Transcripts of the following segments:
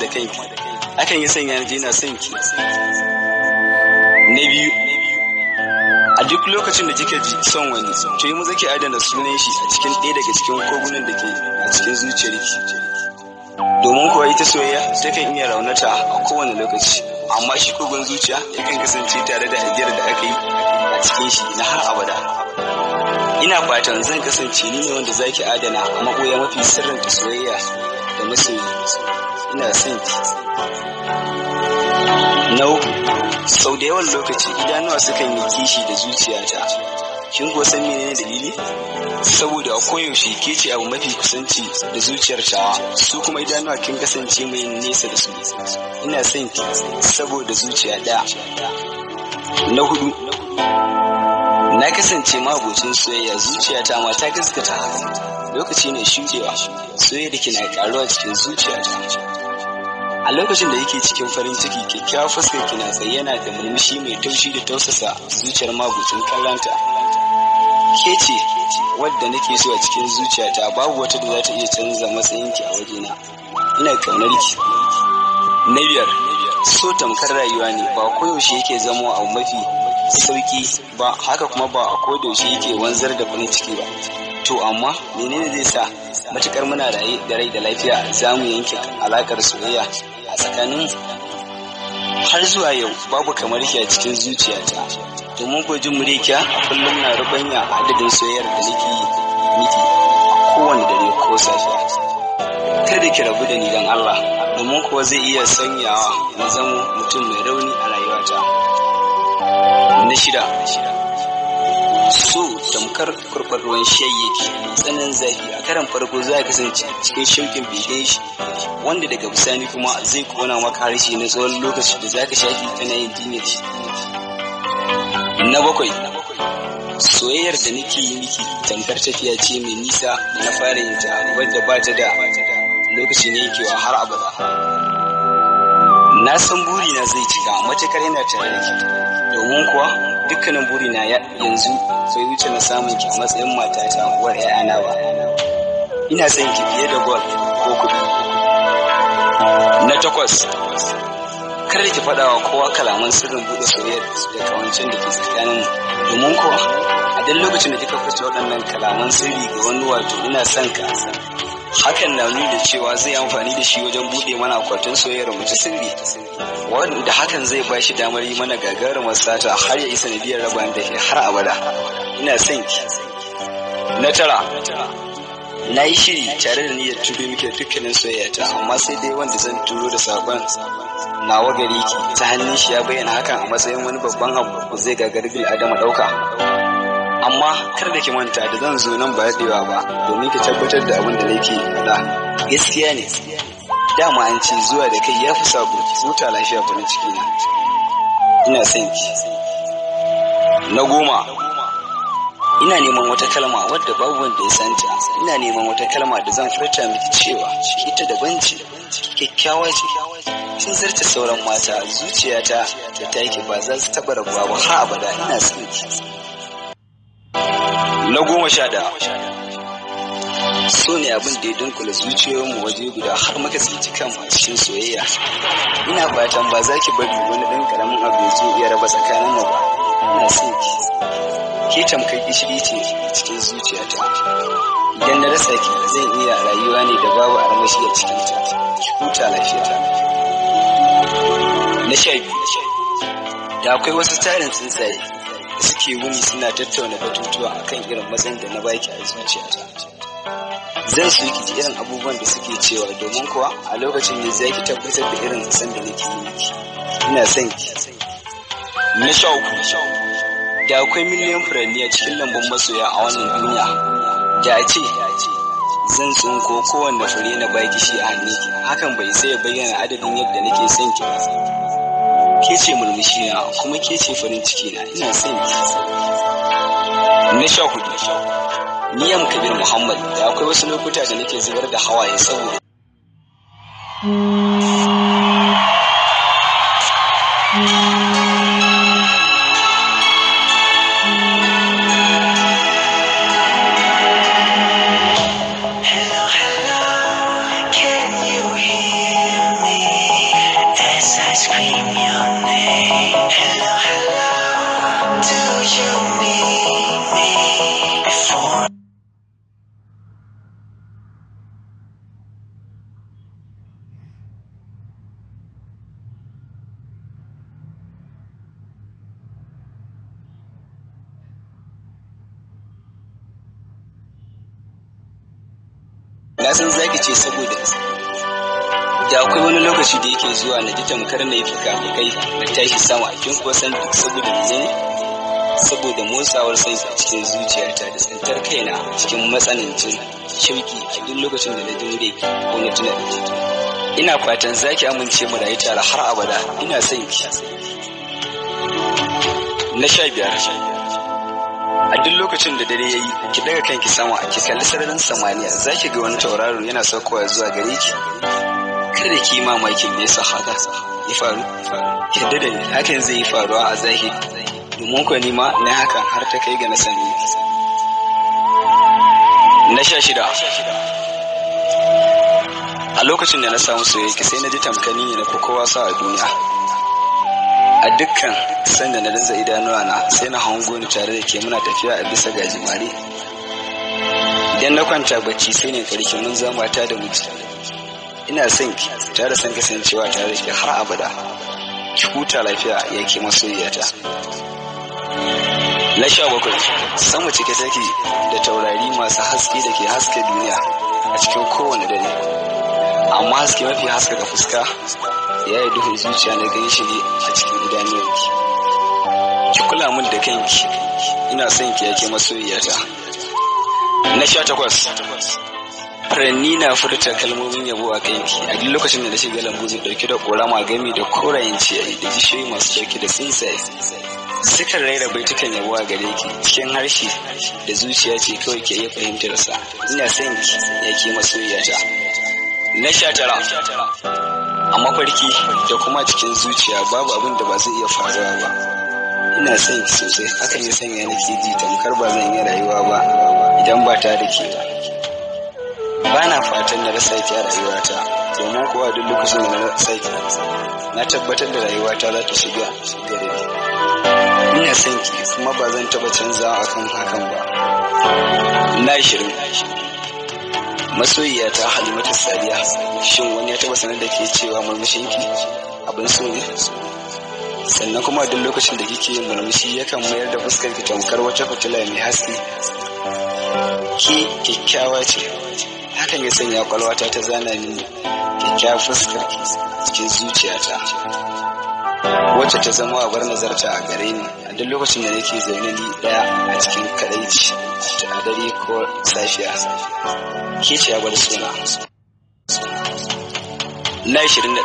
da kanki hakan ya sanya ji na son ki na biyu a duk lokacin da kika ji son wani to yi muzaki adana sunan shi a cikin ɗaya daga cikin kogunan da ke a cikin zuciyarki domin kuwa ita soyayya ta kan iya raunata a kowane lokaci amma shi kogon zuciya yakan kasance tare da ajiyar da aka yi a cikin shi na har abada ina fatan zan kasance ni ne wanda zaki adana a maɓoya mafi sirrin soyayya da masoyi ina son ki na uku sau da yawan lokaci idanuwa sukan yi kishi da zuciyata kin kuwa san menene dalili saboda a koyaushe ke ce abu mafi kusanci da zuciyar tawa su kuma idanuwa kin kasance mai nesa da su ina son ki saboda zuciya ɗaya na hudu na kasance mabocin soyayya zuciyata ma ta gaskata lokaci ne shudewa soyayya da ke na karuwa cikin zuciya a lokacin da yake cikin farin ciki kyakkyawar fuskar ki na yana da murmushi mai taushi da tausasa zuciyar magucin kallanta ke ce wadda nake so a cikin zuciyata babu wata da za ta iya canza matsayinki a wajena ina kaunar ki na biyar so tamkar rayuwa ne ba koyaushe yake zama a mafi sauki ba haka kuma ba a kodayaushe yake wanzar da farin ciki ba to amma menene zai sa matukar muna da rai da lafiya za mu yanke alakar soyayya tsakanin har zuwa yau babu kamar ki a cikin zuciyata domin ko jin a kullum na rubanya adadin soyayyar da nake miki a kowane dare ko safiya kada ki rabu da ni dan Allah domin kuwa zai iya sanyawa na zama mutum mai rauni a rayuwata na shida so tamkar kurɓar ruwan shayi yake mai tsananin zafi a karan farko za kasance cikin shaukin bege shi wanda daga bisani kuma zai kona maka harshe na tsawon lokaci da za ka shafi kana yin jinyar shi na bakwai soyayyar da nake yi miki tamkar tafiya ce mai nisa da na fara yin ta wadda ba ta da lokaci ne yake har abada na san burina zai cika matukar yana tare da ke domin kuwa dukkanin buri na yanzu sai wuce na samun ki a matsayin ta uwar 'ya'yana ba ina son ki fiye da gol ko kuɗi na takwas kar ki fada wa kowa kalaman sirrin bude soyayyar da kawancin da ke tsakanin domin kuwa a duk lokacin da kika fice waɗannan kalaman sirri ga wani wato ina son ka hakan na nuni da cewa zai amfani da shi wajen bude mana akwatin soyayyar mu ta sirri wanda hakan zai ba shi damar yi mana gagarumar sata har ya isa biyar raba da ke har abada ina son ki na tara na yi shiri tare da niyyar turo muke dukkanin soyayyata amma sai dai wanda zan turo da sabon nawa gari ta hannun shi ya bayyana hakan a matsayin wani babban abu zai gagari bil adama ɗauka amma kar da ki manta da zan zo nan ba ya daɗewa ba domin ki tabbatar da abin da nake faɗa gaskiya ne dama an ci zuwa da kai ya fi sabo ki huta lafiya farin ciki na ina son ki na goma ina neman wata kalma wadda babu wanda ya santa ina neman wata kalma da zan furta miki cewa ta daban ce kyakkyawa ce sun zarta sauran mata zuciyata da take ba za su taɓa rabuwa ba har abada ina son ki na goma sha ɗaya so ne abin da ya dunkula zuciyoyinmu waje guda har maka tsinci kanmu a cikin soyayya ina fatan ba za ki bari wani ɗan ƙaramin abu ya zo iya raba tsakanin mu ba ina son ki ke tamkar gishiri ce cikin zuciyata idan na rasa ki zan iya rayuwa ne da babu armashi a cikin ta ki huta lafiya ta na sha biyu da akwai wasu tarin tsuntsaye da suke wuni suna tattauna batutuwa kan irin matsayin da na baki a zuciyata zan su ki irin abubuwan da suke cewa domin kuwa a lokacin ne zaki tabbatar da irin san da nake yi miki ina son ki na sha da akwai miliyan furanni a cikin lambun masoya a wannan duniya da a ce zan tsinko kowanne fure na baki shi a hannu, hakan bai sai bayyana adadin yadda nake son ki ba ke ce murmushi na kuma ke ce farin ciki na ina son yi. na sha hudu ni kabir muhammad da akwai wasu lokuta da nake zubar da hawaye saboda na san zaki ce saboda da akwai wani lokaci da yake zuwa na ji tamkar na yi mai kai na tashi sama kin kuwa san duk saboda ne saboda motsawar sai a cikin zuciyarta da tsantar kaina cikin matsanancin a duk lokacin da na dinga ko na tuna ina fatan zaki amince mu rayu tare har abada ina son ki na sha biyar a duk lokacin da dare yayi ki daga kanki sama ki kalli sararin samaniya za ki ga wani tauraro yana saukowa zuwa gare ki kada ki yi mamakin me yasa haka ya faru yadda da hakan zai yi faruwa a zahiri domin kuwa ni ma na hakan har ta kai ga na sani na sha shida a lokacin da na samu soyayya sai na ji tamkani ne na kowa sa a duniya a dukkan sanda na rinza idanuwa na sai na hango ni tare da ke muna tafiya a bisa gajimare idan na kwanta bacci sai ne karshe mun zama ta da miji ina son ki tare san kasancewa tare da ke har abada ki huta lafiya yake masoyiyata na sha bakwai mu cike take da taurari masu haske da ke haske duniya a cikin kowane dare amma haske mafi haska ga fuska ya yi duhun zuciya na gani shi a cikin idanuwanki ki kula min da kanki ina son ki yake masoyiyata na sha takwas furanni na furta kalmomin yabo a kanki a duk lokacin da na shiga lambu zai ɗauki da korama gami da korayen ciyayi da bishiyoyi masu dauke da tsuntsaye sukan raira baitukan yabo a gare ki cikin harshe da zuciya ce kawai ke iya fahimtarsa ina son ki yake masoyiyata na sha tara a mafarki da kuma cikin zuciya babu abin da ba zai iya faruwa ba ina son ki sosai hakan ya sanya nake ji tamkar ba zan iya rayuwa ba idan ba ta da ke ba ba na fatan na rasa ki a rayuwata domin kuwa duk lokacin da na rasa ki na tabbatar da rayuwata za ta shiga gare ina son ki kuma ba zan taba canzawa akan hakan ba na shirin masoyiya ta halimatu sadiya shin wani ya taba sanar da ke cewa murmushin ki abin so ne sannan kuma duk lokacin da kike yin murmushi yakan mayar da fuskar ki tamkar wata fitila mai haske ki kyakkyawa ce hakan ya sanya kwalwata ta zana ni kikkiawa fuskar ki cikin zuciyata wacce ta zama abar nazarta a gare ni a duk lokacin da nake zaune ni daya a cikin kadaici a dare ko safiya ke ce abar suna na 21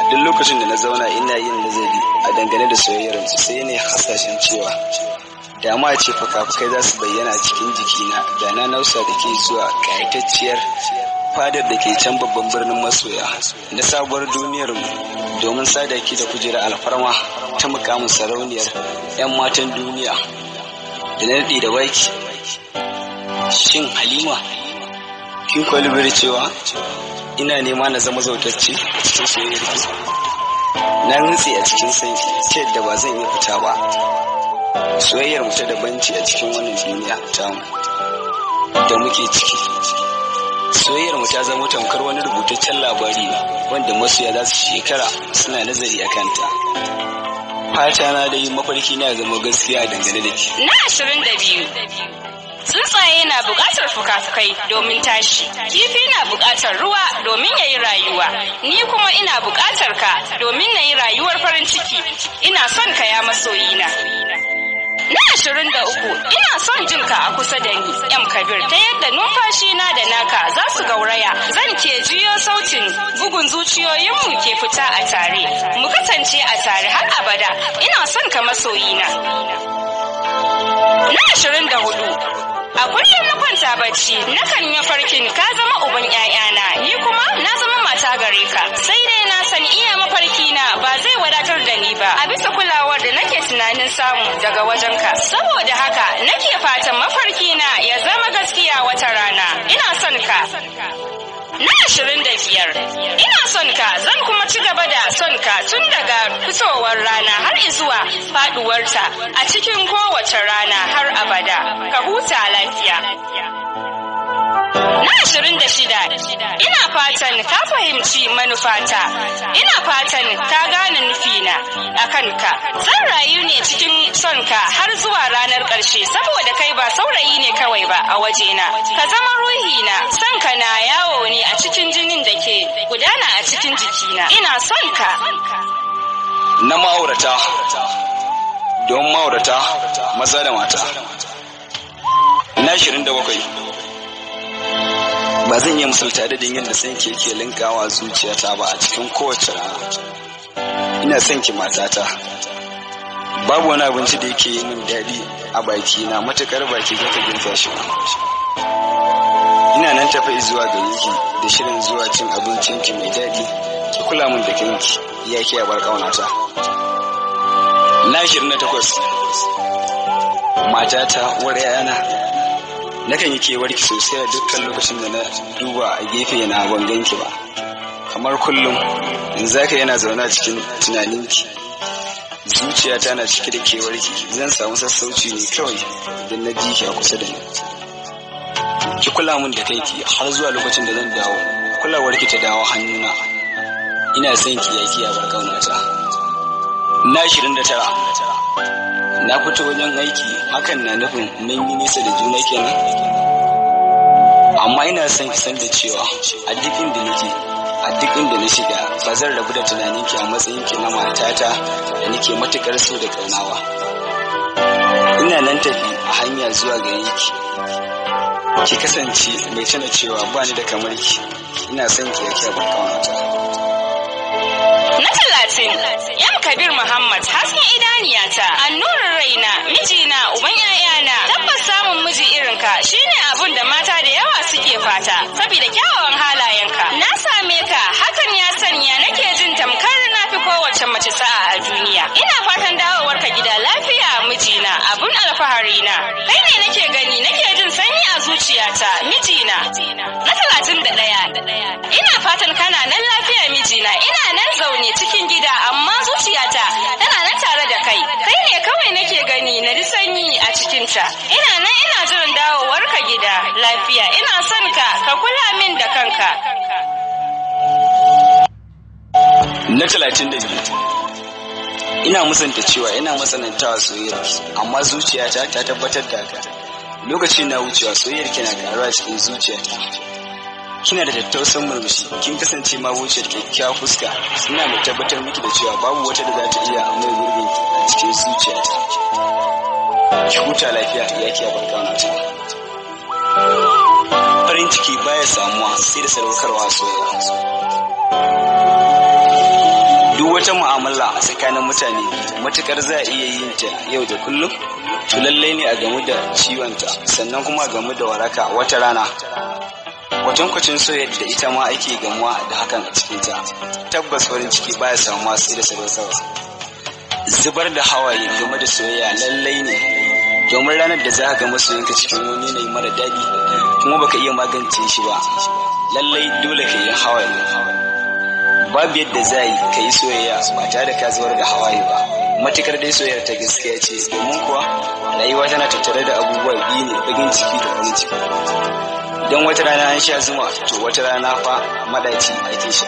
a duk lokacin da na zauna ina yin nazari a dangane da soyayyar sai ne hasashen cewa dama ce fuka-fukai za su bayyana cikin jikina da na nausa da ke zuwa kayatacciyar fadar da ke can babban birnin masoya na sabuwar duniyar mu domin sadaki da kujera alfarma ta mukamin sarauniyar 'yan matan duniya da nardi da baki shin halima kin kwalibir cewa ina nema na zama zautacce cikin soyayyar ki na rutse a cikin sanki ce da ba zan yi fita ba soyayyar mu ta da banci a cikin wannan duniya ta mu da muke ciki soyayyar mu ta zama tamkar wani rubutaccen labari wanda masoya za su shekara suna nazari a kanta fata na da yi mafarki na zama gaskiya dangane da ke na ashirin da biyu tsuntsaye na bukatar fukafukai domin tashi kifi na bukatar ruwa domin yayi rayuwa ni kuma ina bukatar ka domin na yi rayuwar farin ciki ina son ka ya masoyina na ashirin da uku ina son jin ka a kusa da ni m kabir ta yadda numfashi na da naka za su gauraya zan ke jiyo sautin bugun zuciyoyinmu ke fita a tare mu kasance a tare har abada ina son ka masoyina na ashirin da hudu a kullum kwanta bacci nakan yi farkin ka zama uban ƴaƴana ni kuma na zama mata gare ka sai dai na san iya mafarki na ba zai wadatar da ni ba a bisa kulawar da nake tunanin samu daga wajen ka, saboda haka nake fatan mafarki na ya zama gaskiya wata rana ina son ka na ashirin da biyar, ina son ka zan kuma ci gaba da son ka tun daga fitowar rana har zuwa faduwarta a cikin kowace rana har abada ka huta lafiya na ashirin da shida ina fatan ta fahimci manufata ina fatan ta gane nufina a kanka zan rayu ne cikin sonka har zuwa ranar ƙarshe saboda kai ba saurayi ne kawai ba a wajena ka zama ruhina sonka na yawo ne a cikin jinin da ke gudana a cikin jikina ina sonka na ma'aurata don ma'aurata maza da mata na shirin da bakwai ba zan iya misalta adadin yadda san ke ke linkawa zuciyata ba a cikin kowace rana ina son ki matata babu wani abinci da yake yi min daɗi a baki na matukar baki ga ta girka shi ina nan tafi zuwa gare ki da shirin zuwa cin abincin ki mai daɗi ki kula min da kanki ya ke bar ƙaunata na shirin na takwas matata war yana. nakan yi kewarki sosai a dukkan lokacin da na duba a gefe na gwangon ki ba kamar kullum in ka yana zaune a cikin tunaninki zuciyata na cike da kewarki zan samu sassauci ne kawai idan na ji ki a kusa da ni ki kula min da kaiki har zuwa lokacin da zan dawo ki ta dawo hannuna ina son ki yaki a barkaunata na 29 na fito wajen aiki hakan na nufin mun yi nisa da juna kenan amma ina son ki san da cewa a duk inda nake a duk inda na shiga ba zan rabu da tunanin ki a matsayin ki na matata da nake matukar so da kaunawa ina nan tafi a hanya zuwa ga ki ki kasance mai tana cewa ba ni da kamar ki ina son ki yake ban ta Na talatin, yan Kabir Muhammad, hasken idaniyata, annurin raina, mijina, uban ‘ya'yana, tabbas samun miji irin ka shine abun da mata da yawa suke fata, saboda kyawawan halayen ka. Na same ka, hakan ya sanya nake jin tamkar na fi kowace mace sa'a a duniya. Ina fatan dawowarka gida lafiya mijina, abun alfahari na. Kai ne nake gani nake a zuciyata mijina na talatin da ɗaya ina fatan kana nan lafiya mijina ina nan zaune cikin gida amma zuciyata tana nan tare da kai kai ne kawai nake gani na ji sanyi a cikinta ina nan ina jiran dawowarka gida lafiya ina son ka ka kula min da kanka na talatin da biyu ina musanta cewa ina masanantawa soyayyar amma zuciyata ta tabbatar da haka lokacin na wucewa soyayyar ki na karuwa cikin zuciyata kina da tattausan murmushi kin kasance ma wuciyar kyakkyawa fuska ina mai tabbatar miki da cewa babu wata da za ta iya amai gurbin a cikin zuciyata ki huta lafiya ya ke abar na ta farin ciki baya samuwa sai da sadaukarwa soyayya duk wata mu'amala a tsakanin mutane matukar za a iya yin ta yau da kullum to lalle ne a gamu da ciwonta sannan kuma a gamu da waraka wata rana kwatankwacin soya da ita ma ake gamuwa da hakan a cikinta tabbas farin ciki baya samu masu sai da sadaukarwa zubar da hawaye game da soyayya lallai ne domin ranar da za ka ga soyayyanka cikin wani yanayi mara daɗi kuma baka iya magance shi ba lallai dole ka yi hawaye babu yadda za yi ka yi soyayya ba tare da ka zubar da hawaye ba matukar dai soyayyar ta gaskiya ce domin kuwa rayuwa tana tattare da abubuwa biyu ne bagin ciki da wani ciki don wata rana an sha zuma to wata rana fa madaci ake sha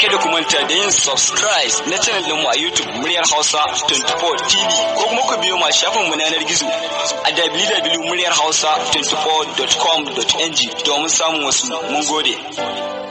kada ku manta da yin subscribe na channel mu a YouTube muryar Hausa 24 TV ko kuma ku biyo ma shafin mu na gizo a www.muryarhausa24.com.ng domin samun wasu mun gode.